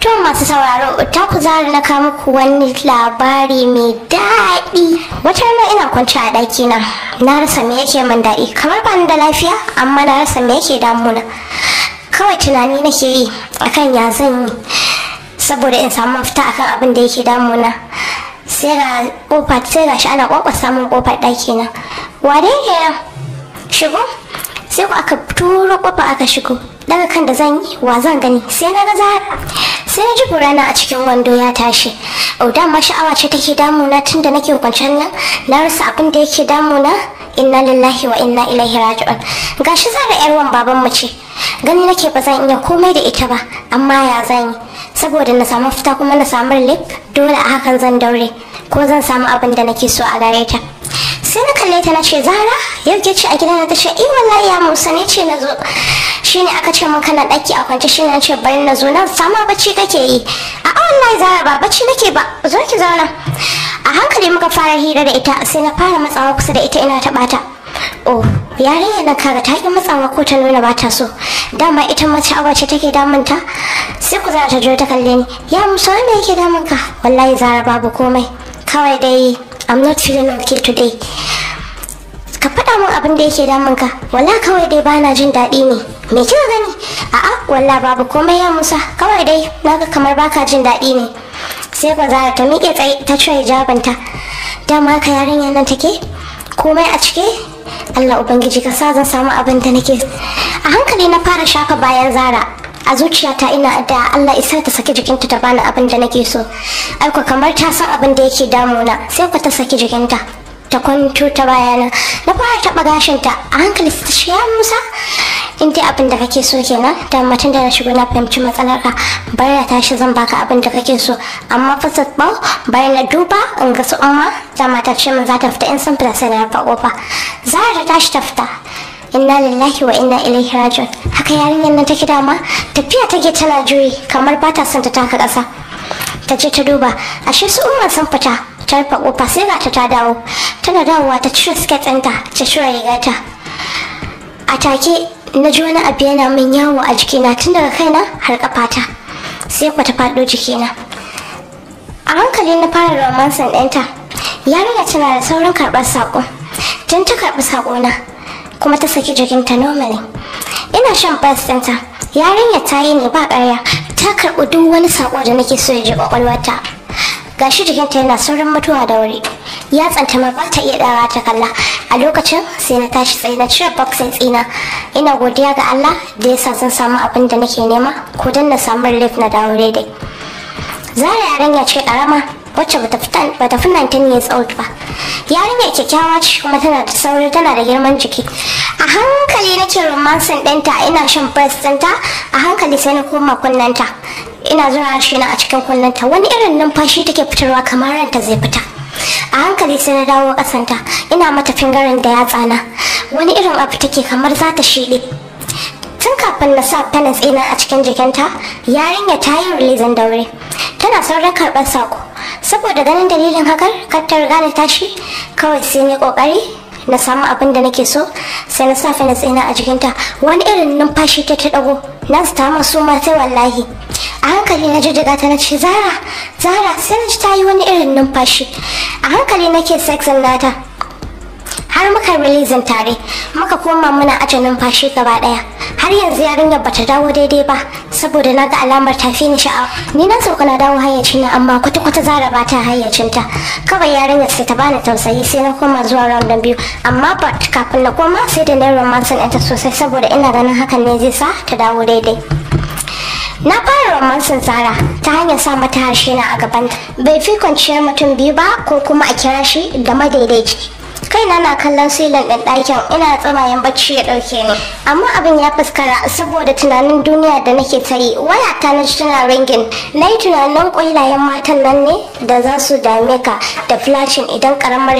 To masu sauraro ta kuzari na kawo muku wani labari mai daɗi. Wata rana ina kwanci a ɗaki na, na rasa me yake min daɗi kamar bani da lafiya amma na rasa me yake damuna. Kawai tunani nake yi akan ya zan yi saboda in samu mafita akan abin da yake damuna. Sai ga kofa sai ga shi ana kwakwa samun kofar ɗaki na. Wane ke shigo? Sai ku aka turo kofa aka shigo. daga kan da zan yi wa zan gani sai na ga zara sai na ji burana a cikin wando ya tashi au ma sha'awa ce take damuna tun da nake kwanciyar nan na rasa abin da yake damuna inna lillahi wa inna ilaihi raji'un gashi zara yar wan baban mu ce gani nake ba zan iya komai da ita ba amma ya zan yi saboda na samu fita kuma na samu lip dole a hakan zan daure ko zan samu abin da nake so a gare ta sai na kalle ta na ce zara yau ce a gidan na ta ce eh wallahi ya musa ne ce na zo shine aka ce mun kana daki a kwance shine na ce bari na zo na sama bacci kake yi a wallahi zara ba bacci nake ba zo ki zauna a hankali muka fara hira da ita sai na fara matsawa kusa da ita ina ta ta oh yarinya na kaga ta yi matsawa ko ta nuna ba ta so dama ita mace awa ce take damun ta sai ku zara ta je ta kalle ni ya musa me yake damun ka wallahi zara babu komai kawai dai I'm not feeling okay today. Ka faɗa min abin da yake damun ka. Wala kawai dai bana jin daɗi ne. Me kika gani? A'a walla babu komai ya Musa. Kawai dai naga kamar baka jin daɗi ne. Sai ba za ta miƙe tsaye ta cire hijabinta. Dama ka yarinya nan take? Komai a cike? Allah Ubangiji ka sa zan samu abin da nake. A hankali na fara shafa bayan Zara a zuciyata ina da Allah isa ta saki jikinta ta bani abin da nake so aiko kamar ta san abin da yake damuna sai ku ta saki jikinta ta kwanto ta bayana na fara taɓa gashinta a hankali ta shiya musa in dai abin da kake so kenan da matan da na shigo na fahimci matsalar ka bari na tashi zan baka abin da kake so amma fasad ba bari na duba in ga su umma da mata ce min za ta fita in san fita sai na rufe kofa za ta tashi ta fita inna lillahi wa inna ilaihi raji'un haka yarinyar nan take dama tafiya take tana juyi kamar ba ta son ta taka kasa ta je ta duba ashe su umar sun fita ta rufe kofa sai ga ta ta dawo tana dawowa ta cire siket ɗinta ta cire rigarta a take na ji wani abu yana min yawo a jikina tun daga kaina har kafata sai ku ta faɗo jikina a hankali na fara romansan ɗinta yarinya tana da saurin karɓar saƙo tun ta karɓi saƙona kuma ta saki jikinta normally ina shan ɗinta yarinya ta yi ne ba ƙarya ta karɓi duk wani sako da nake so ya ji ƙwaƙwalwarta gashi jikinta yana saurin mutuwa da wuri ya tsanta ma ba ta iya ɗara ta kalla a lokacin sai na tashi tsaye na cire boxing tsina ina godiya ga Allah da ya sa zan samu abin da nake nema ko don na samu relief na dawo daidai zara yarinya ce ƙarama wacce bata fi 19 years old ba yarinya kyakkyawa ce kuma tana da sauri tana da girman jiki a hankali nake romansin ɗinta ina shan breast ɗinta a hankali sai na koma kunnanta ina zura shi na a cikin kunnanta wani irin numfashi take fitarwa kamar ranta zai fita a hankali sai na dawo kasanta ina mata fingarin da ya tsana. wani irin abu take kamar za ta shiɗe tun kafin na sa penis ina a cikin jikinta yarinya ta yi releasin daure tana sauran karɓar sako saboda ganin dalilin hakan kattar gane tashi kawai sai ne kokari na samu abin da nake so sai na safe na tsina a jikinta wani irin numfashi ta ta dago na ta masu ma sai wallahi a hankali na jijjiga ta na ce zara zara sai na ji ta yi wani irin numfashi a hankali nake sexin nata har muka releasing tare muka koma muna aje numfashi gaba daya har yanzu yarinyar bata dawo daidai ba saboda na ga alamar ta fi ni sha'awa ni na sauka na dawo hayyacin na amma kwata kwata zara ba ta hayyacin ta kawai yarinyar sai ta bani tausayi sai na koma zuwa round biyu amma ba kafin na koma sai da na romancing ɗinta sosai saboda ina ganin hakan ne zai sa ta dawo daidai na fara romansin zara ta hanyar sa mata harshe na a ta. bai fi kwanciyar mutum biyu ba ko kuma a kira shi da madaidaici kaina na kallon silin ɗin ɗakin ina tsamayen bacci ya ɗauke ni amma abin ya fuskara saboda tunanin duniya da nake ta yi waya ta na tana ringin na yi tunanin ƙwailayen matan nan ne da za su dame ka da flashin idan ƙaramar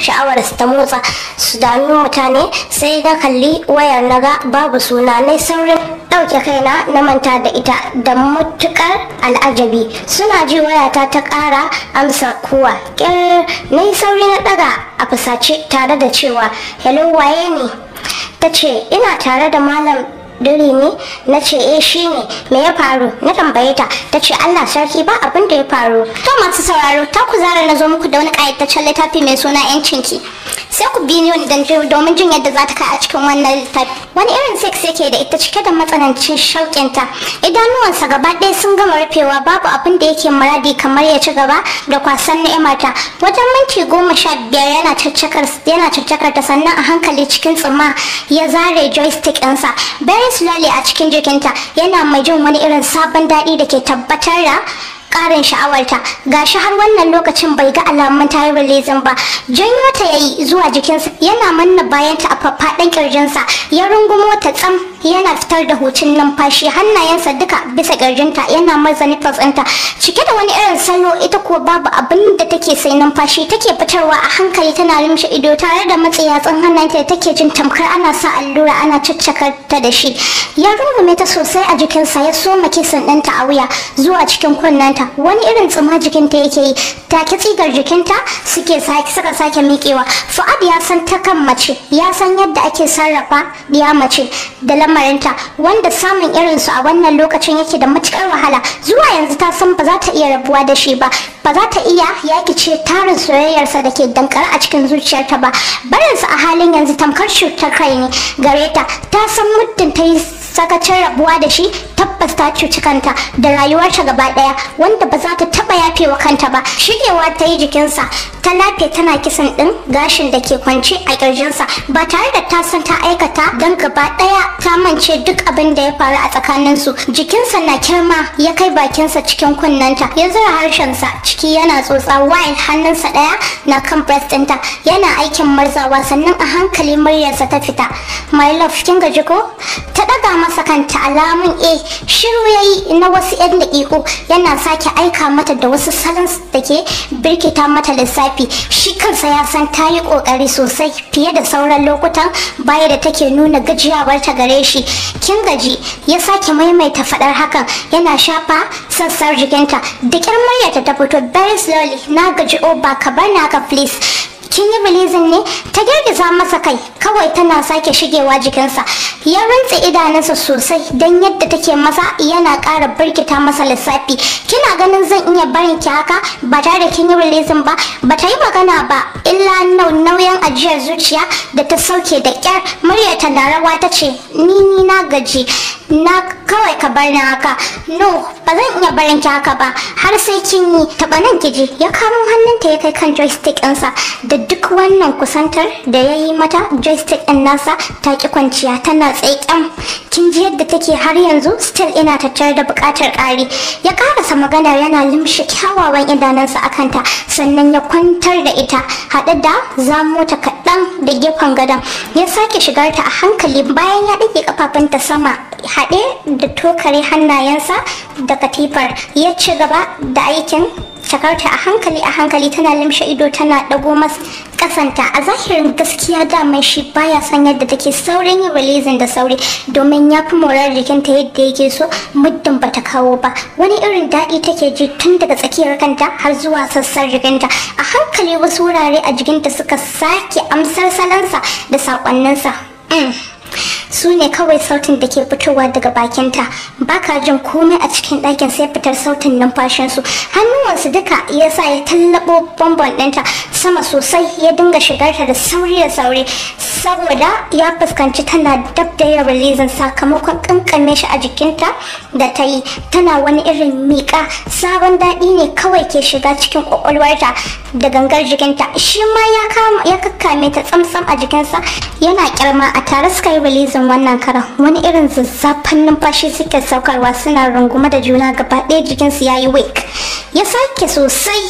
sha'awar su ta motsa su dami mutane sai na kalli wayar naga babu suna na saurin ɗauke kaina na manta da ita da mutukar al'ajabi suna ji wayata ta ƙara amsa kuwa ƙyar na yi sauri na ɗaga a fasace tare da cewa hello waye ne ta ce ina tare da malam diri ne na ce eh shi ne me ya faru na tambaye ta ta ce Allah sarki ba abin da ya faru to masu sauraro ta ku zara na zo muku da wani ƙayataccen littafi mai suna yancin ki sai ku bi ni domin jin yadda za ta kai a cikin wannan littafi wani irin sex yake da ita cike da matsanancin shauƙinta idanuwansa gaba ɗaya sun gama rufewa babu abin da yake muradi kamar ya ci gaba da kwasan ni'imarta wajen minti goma sha biyar yana caccakar ta sannan a hankali cikin tsima ya zare joystick ɗinsa bayan lalle a cikin jikinta yana mai jin wani irin sabon daɗi da ke tabbatar da karin sha'awarta gashi har wannan lokacin bai ga alamun ta ba janyo ta yayi zuwa jikinsa yana manna bayan ta a faffaɗan ƙirjinsa ya rungumo ta tsam yana fitar da hucin numfashi hannayensa duka bisa ƙirjinta yana maza nipples ɗinta cike da wani irin salo ita kuwa babu abin da take sai numfashi take fitarwa a hankali tana limshe ido tare da matsi yatsun hannanta da take jin tamkar ana sa allura ana caccakar ta da shi ya rungume ta sosai a jikinsa ya soma kisan ɗinta a wuya zuwa cikin kunnenta jikinta wani irin tsuma jikinta yake yi Ta ki tsigar jikinta suke saka sake miƙewa fu'ad ya san ta kan mace ya san yadda ake sarrafa biya mace da lamarinta wanda samun irin su a wannan lokacin yake da matukar wahala zuwa yanzu ta san ba za ta iya rabuwa da shi ba ba za ta iya yaki ce tarin soyayyarsa da ke dankara a cikin zuciyarta ba su a halin yanzu tamkar cutar kai ne Gareta ta ta san muddin ta yi sakacin rabuwa da shi tabbas ta cuci kanta da rayuwarta gaba daya wanda ba za ta taba yafewa kanta ba shigewa ta yi jikinsa ta lafe tana kisan din gashin da ke kwance a kirjinsa ba tare da ta san ta aikata don gaba daya ta mance duk abin da ya faru a tsakaninsu jikinsa na kirma ya kai bakinsa cikin kunnanta ya zura sa ciki yana tsotsa wayan hannunsa daya na kan breast ɗinta yana aikin marzawa sannan a hankali muryarsa ta fita my love kin gaji ko ta daga masa kanta alamun eh shiru ya yi na wasu 'yan daƙiƙo yana sake aika mata da wasu salon da ke birkita mata lissafi shi kansa ya san ta yi ƙoƙari sosai fiye da sauran lokutan baya da take nuna gajiyawar ta gare shi kin gaji ya sake maimaita faɗar hakan yana shafa sassan jikinta da ƙyar ta fito very slowly na gaji o oh, ba ka bar naka please kin yi bilizin ne ta girgiza masa kai kawai tana sake shigewa jikinsa ya rantse idanunsa sosai don yadda take masa yana ƙara birkita masa lissafi kina ganin zan iya barin ki haka ba tare da kin yi bilizin ba ba ta yi magana ba illa nauyin ajiyar zuciya da ta sauke da ƙyar muryarta ta rawa ta ce ni ni na gaji na kawai ka bar ni haka no ba zan iya barin ki haka ba har sai kin yi taba nan ki ya kamo hannunta ya kai kan joystick ɗinsa da duk wannan kusantar da ya yi mata joystick ɗin nasa ta ki kwanciya tana tsaikan kin ji yadda take har yanzu still ina tattare da buƙatar ƙari ya karasa magana yana limshe kyawawan idanunsa akanta sannan ya kwantar da ita haɗe da zamo ta kaɗan dan da gefen gadon ya sake shigar ta a hankali bayan ya ɗage kafafunta sama haɗe da tokare hannayensa da katifar ya ci gaba da aikin cakarta a hankali a hankali tana limshe ido tana dago mas kasanta a zahirin gaskiya daman shi baya san yadda take saurin yin releasing da sauri domin ya fi morar jikinta yadda yake so muddin ba ta kawo ba wani irin daɗi take ji tun daga tsakiyar kanta har zuwa sassan jikinta a hankali wasu wurare a jikinta suka sake amsar salansa da saƙonninsa mm. su ne kawai sautin da ke fitowa daga bakinta ba ka jin komai a cikin ɗakin sai fitar sautin numfashinsu hannuwansu duka ya sa ya tallabo bambon ɗinta sama sosai ya dinga shigarta da sauri da sauri saboda ya fuskanci tana dab da yawan sakamakon kankame shi a jikinta da ta yi tana wani irin miƙa sabon daɗi ne kawai ke shiga cikin ƙwaƙwalwarta da gangar jikinta shi ma ya kakkame ta tsamtsam a jikinsa yana ƙyarma a tare suka yi jin wannan karan wani irin zazzafan numfashi suke saukarwa suna runguma da juna gaba ɗaya jikinsu ya yi wake ya sake sosai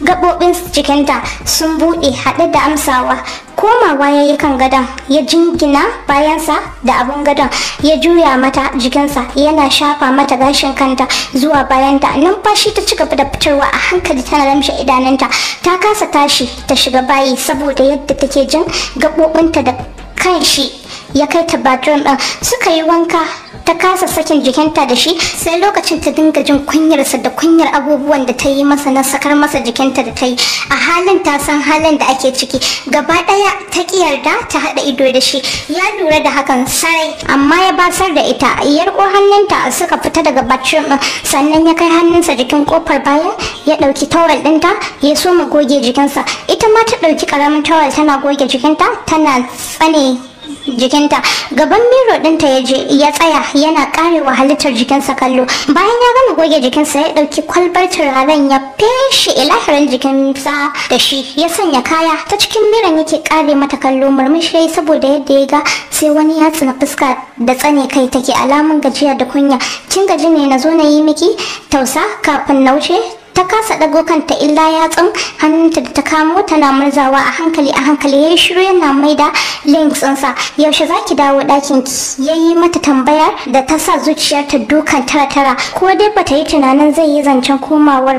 gaɓoɓin jikinta sun buɗe haɗe da amsawa komawa ya yi kan gadon ya jingina bayansa da abin gadon ya juya mata jikinsa yana shafa mata gashin kanta zuwa bayanta numfashi ta ci gaba da fitarwa a hankali tana ramshe idanunta ta kasa tashi ta shiga bayi saboda yadda take jin gaɓoɓinta da kanshi ya kai ta bathroom ɗin suka yi wanka ta kasa sakin jikinta da shi sai lokacin ta dinga jin kunyarsa da kunyar abubuwan da ta yi masa na sakar masa jikinta da ta yi a halin ta san halin da ake ciki gaba ɗaya ta ki yarda ta haɗa ido da shi ya lura da hakan sarai amma ya basar da ita iyar ko hannunta suka fita daga bathroom ɗin sannan ya kai hannunsa jikin kofar bayan ya ɗauki tawal ɗinta ya soma goge jikinsa ita ma ta ɗauki karamin tawal tana goge jikinta tana tsane jikinta gaban miro dinta ya je ya tsaya yana karewa halittar jikinsa kallo bayan ya gama goge jikinsa ya dauki kwalbar turaren ya feshe ilahirin jikinsa da shi ya sanya kaya ta cikin miran yake kare mata kallo murmushi saboda yadda ya ga sai wani ya tsina fuska da tsane kai take alamun gajiya da kunya kin gaji ne na zo na yi miki tausa kafin na wuce ta kasa dago kanta illa yatsun hannunta da ta kamo tana murzawa a hankali a hankali yayi shiru yana maida links ɗinsa yaushe zaki dawo ɗakin ki yayi mata tambaya da ta sa zuciyarta dukan tara tara ko dai ba ta yi tunanin zai yi zancen komawar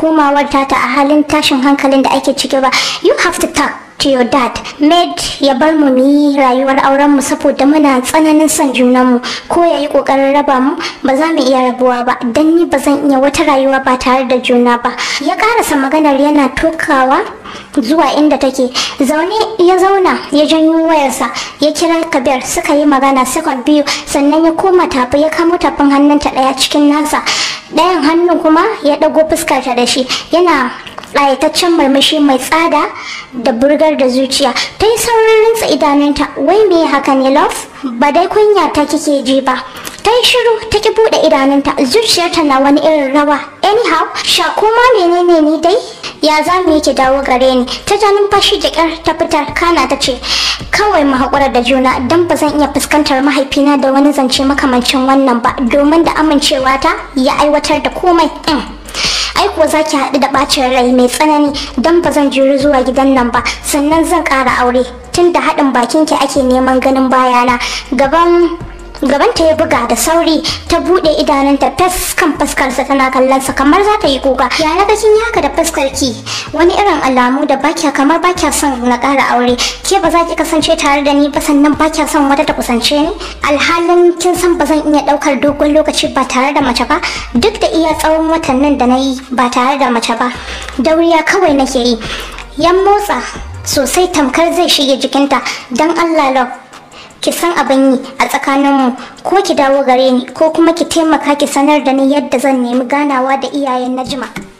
komawar tata a halin tashin hankalin da ake ciki ba you have to talk teodat Med ya bar mu ni rayuwar auren mu saboda muna tsananin son junanmu ko ya yi kokarin raba mu ba za mu iya rabuwa ba dan ni ba zan iya wata rayuwa ba tare da juna ba ya karasa maganar yana tokawa zuwa inda take zaune ya zauna ya janyo wayarsa ya kira kabir suka yi magana second biyu sannan ya koma tafi ya kamo tafin hannunta daya cikin nasa dayan hannun kuma ya dago fuskarta da shi yana ƙayataccen marmashi mai tsada da burgar da zuciya ta yi saurin rinsa idanunta wai me haka ne love ba dai kunya ta kike ji ba ta yi shiru ta ki buɗe idanunta zuciyarta na wani irin rawa anyhow Sha kuma menene ni dai ya za mu yake dawo gare ni ta ja numfashi da ƙyar ta fitar kana ta ce kawai mu haƙura da juna don ba zan iya fuskantar mahaifina da wani zance makamancin wannan ba domin da amincewa ta ya aiwatar da komai mm. ai kuwa za ki haɗu da ɓacin rai mai tsanani don ba zan juri zuwa gidan nan ba sannan zan ƙara aure tunda da haɗin bakinki ake neman ganin bayana gaban Gaban ta ya buga da sauri ta bude idanunta fes kan fuskarsa tana kallon sa kamar za ta yi kuka ya na ga kin haka da fuskar ki wani irin alamu da kya kamar kya son na kara aure ke ba za ki kasance tare da ni ba sannan kya son wata ta kusance ni alhalin kin san ba zan iya daukar dogon lokaci ba tare da mace ba duk da iya tsawon watannin da na yi ba tare da mace ba dauriya kawai nake yi yan motsa sosai tamkar zai shige jikinta don allah lau ki san abin yi a tsakaninmu ko ki dawo gare ni ko kuma ki taimaka ki sanar da ni yadda zan nemi ganawa da iyayen jima.